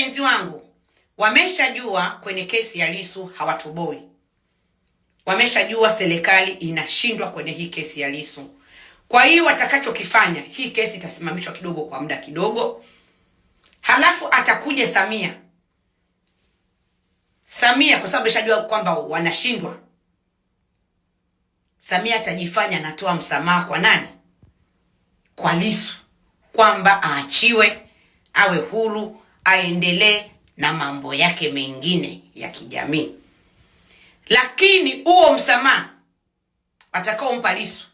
mpenzi wangu, wameshajua kwenye kesi ya Lissu hawatoboi. Wameshajua serikali inashindwa kwenye hii kesi ya Lissu. Kwa hiyo watakachokifanya, hii kesi itasimamishwa kidogo kwa muda kidogo, halafu atakuja Samia. Samia kwa sababu ameshajua kwamba wanashindwa, Samia atajifanya anatoa msamaha kwa nani? Kwa Lissu, kwamba aachiwe awe huru aendelee na mambo yake mengine ya kijamii. Lakini huo msamaha watakaompa lisu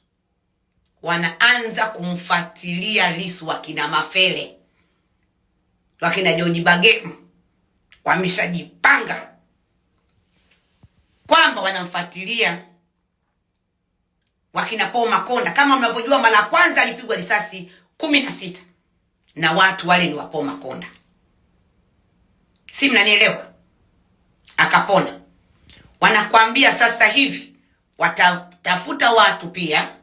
wanaanza kumfuatilia lisu wakina Mafele, wakina George Bagemu wameshajipanga kwamba wanamfuatilia wakina Paul Makonda. Kama mnavyojua, mara ya kwanza alipigwa risasi kumi na sita na watu wale ni wa Paul Makonda si mnanielewa? Akapona. Wanakwambia sasa hivi watatafuta watu pia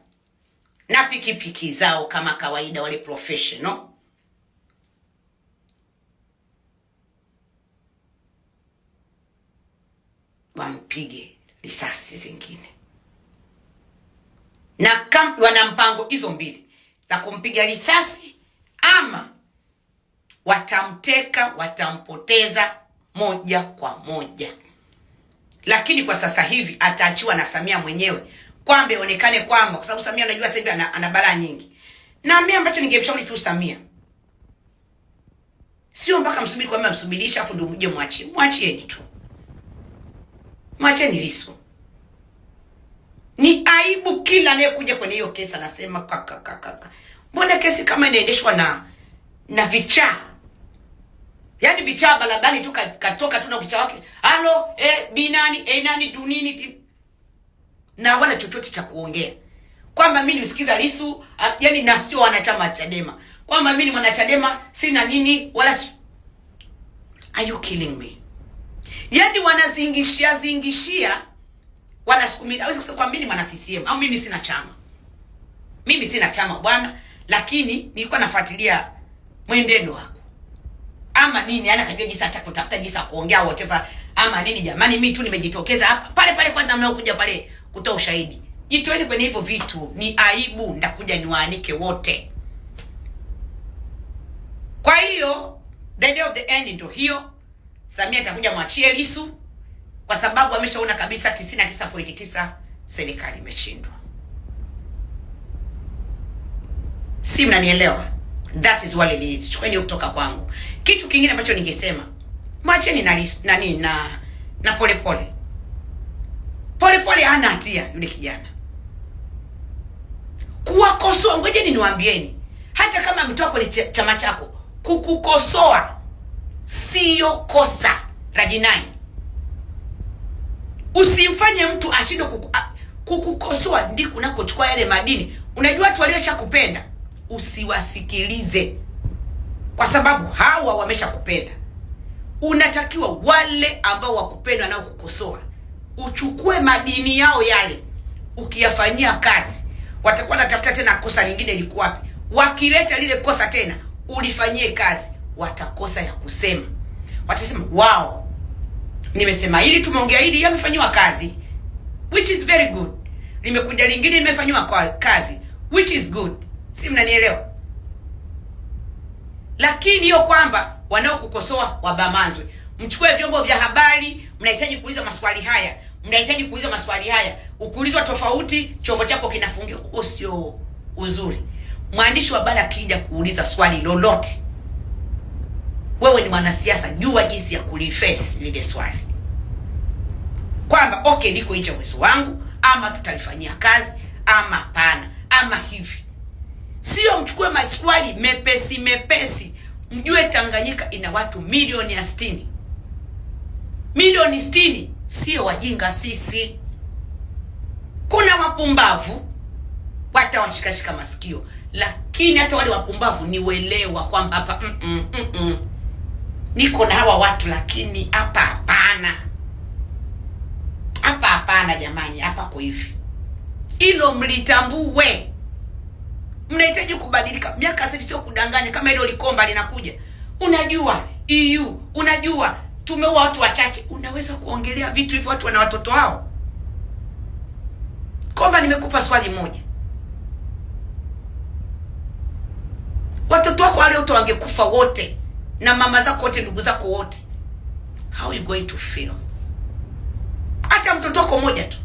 na pikipiki piki zao kama kawaida, wale professional wampige risasi zingine, na wana mpango hizo mbili za kumpiga risasi ama watamteka, watampoteza moja kwa moja. Lakini kwa sasa hivi ataachiwa na Samia mwenyewe kwamba ionekane kwamba, kwa sababu Samia anajua sasa hivi ana, ana balaa nyingi, na mimi ambacho ningemshauri tu Samia sio mpaka msubiri kwamba msubirisha afu ndio mje mwachi mwachieni tu, mwacheni Lissu. Ni aibu kila anayekuja kwenye hiyo kesi anasema kaka kaka, mbona kesi kama inaendeshwa na na vichaa Yaani vichaa barabarani tu katoka tu na kichaa wake. Halo, eh binani, eh nani dunini ti. Na wala chochote cha kuongea. Kwamba mimi nimsikiza Lissu, yaani na sio wanachama Chadema. Kwamba mimi ni mwanachadema sina nini wala si... Are you killing me? Yaani wanazingishia zingishia wanasukumi hawezi kusema kwamba mimi ni mwana CCM au mimi sina chama. Mimi sina chama bwana, lakini nilikuwa nafuatilia mwendeno wako ama nini, yani akajua jinsi hata kutafuta jinsi kuongea whatever ama nini. Jamani, mimi tu nimejitokeza hapa pale pale, kwanza mnaokuja pale kutoa ushahidi, jitoeni kwenye hivyo vitu, ni aibu. Ndakuja niwaanike wote. Kwa hiyo the day of the end ndio hiyo. Samia atakuja mwachie lisu kwa sababu ameshaona kabisa 99.9 serikali imeshindwa. Si mnanielewa? That is what it is. Chukweni kutoka kwangu. Kitu kingine ambacho ningesema, mwacheni na nani na na pole pole. Pole pole hana hatia yule kijana. Kuwakosoa, ngojeni niwaambieni. Hata kama mtu wako ni chama chako, kukukosoa sio kosa Rajinai. Usimfanye mtu ashindwe kukukosoa, ndi kunakochukua yale madini. Unajua watu waliosha kupenda usiwasikilize, kwa sababu hawa wameshakupenda. Unatakiwa wale ambao wakupenda nao kukosoa, uchukue madini yao yale, ukiyafanyia kazi, watakuwa natafuta tena kosa lingine liko wapi. Wakileta lile kosa tena ulifanyie kazi, watakosa ya kusema, watasema wao nimesema hili, tumeongea hili, yamefanyiwa kazi which is very good. Limekuja lingine, limefanyiwa kazi which is good si mnanielewa? Lakini hiyo kwamba wanaokukosoa wabamazwe, mchukue vyombo vya habari, mnahitaji kuuliza maswali haya, mnahitaji kuuliza maswali haya. Ukiulizwa tofauti, chombo chako kinafungiwa. Huo sio uzuri. Mwandishi wa habari akija kuuliza swali lolote, wewe ni mwanasiasa, jua jinsi ya kuliface lile swali, kwamba okay, liko nje uwezo wangu, ama tutalifanyia kazi ama hapana, ama hivi Sio mchukue maswali mepesi mepesi. Mjue Tanganyika ina watu milioni ya sitini, milioni sitini. Sio wajinga sisi. Kuna wapumbavu watawashikashika masikio, lakini hata wale wapumbavu ni welewa kwamba hapa mm -mm, mm -mm. niko na hawa watu, lakini hapa hapana, hapa hapana. Jamani, hapa kwa hivi, hilo mlitambue. Mnahitaji kubadilika. Miaka sasa sio kudanganya, kama ile ulikomba linakuja, unajua EU, unajua tumeua watu wachache. Unaweza kuongelea vitu hivyo, watu wana watoto wao. Komba, nimekupa swali moja, watoto wako wale wote wangekufa wote, na mama zako wote, ndugu zako wote, how you going to feel? Hata mtoto wako mmoja tu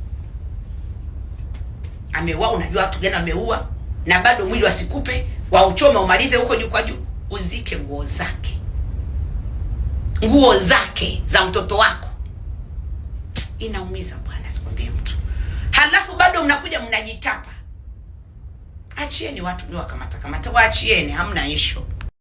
ameua, unajua watu gani ameua na bado mwili wasikupe, wauchome, umalize huko juu kwa juu, uzike nguo zake, nguo zake za mtoto wako. Inaumiza bwana, sikwambie mtu. Halafu bado mnakuja mnajitapa. Achieni watu ndio wakamata kamata, waachieni, hamna isho.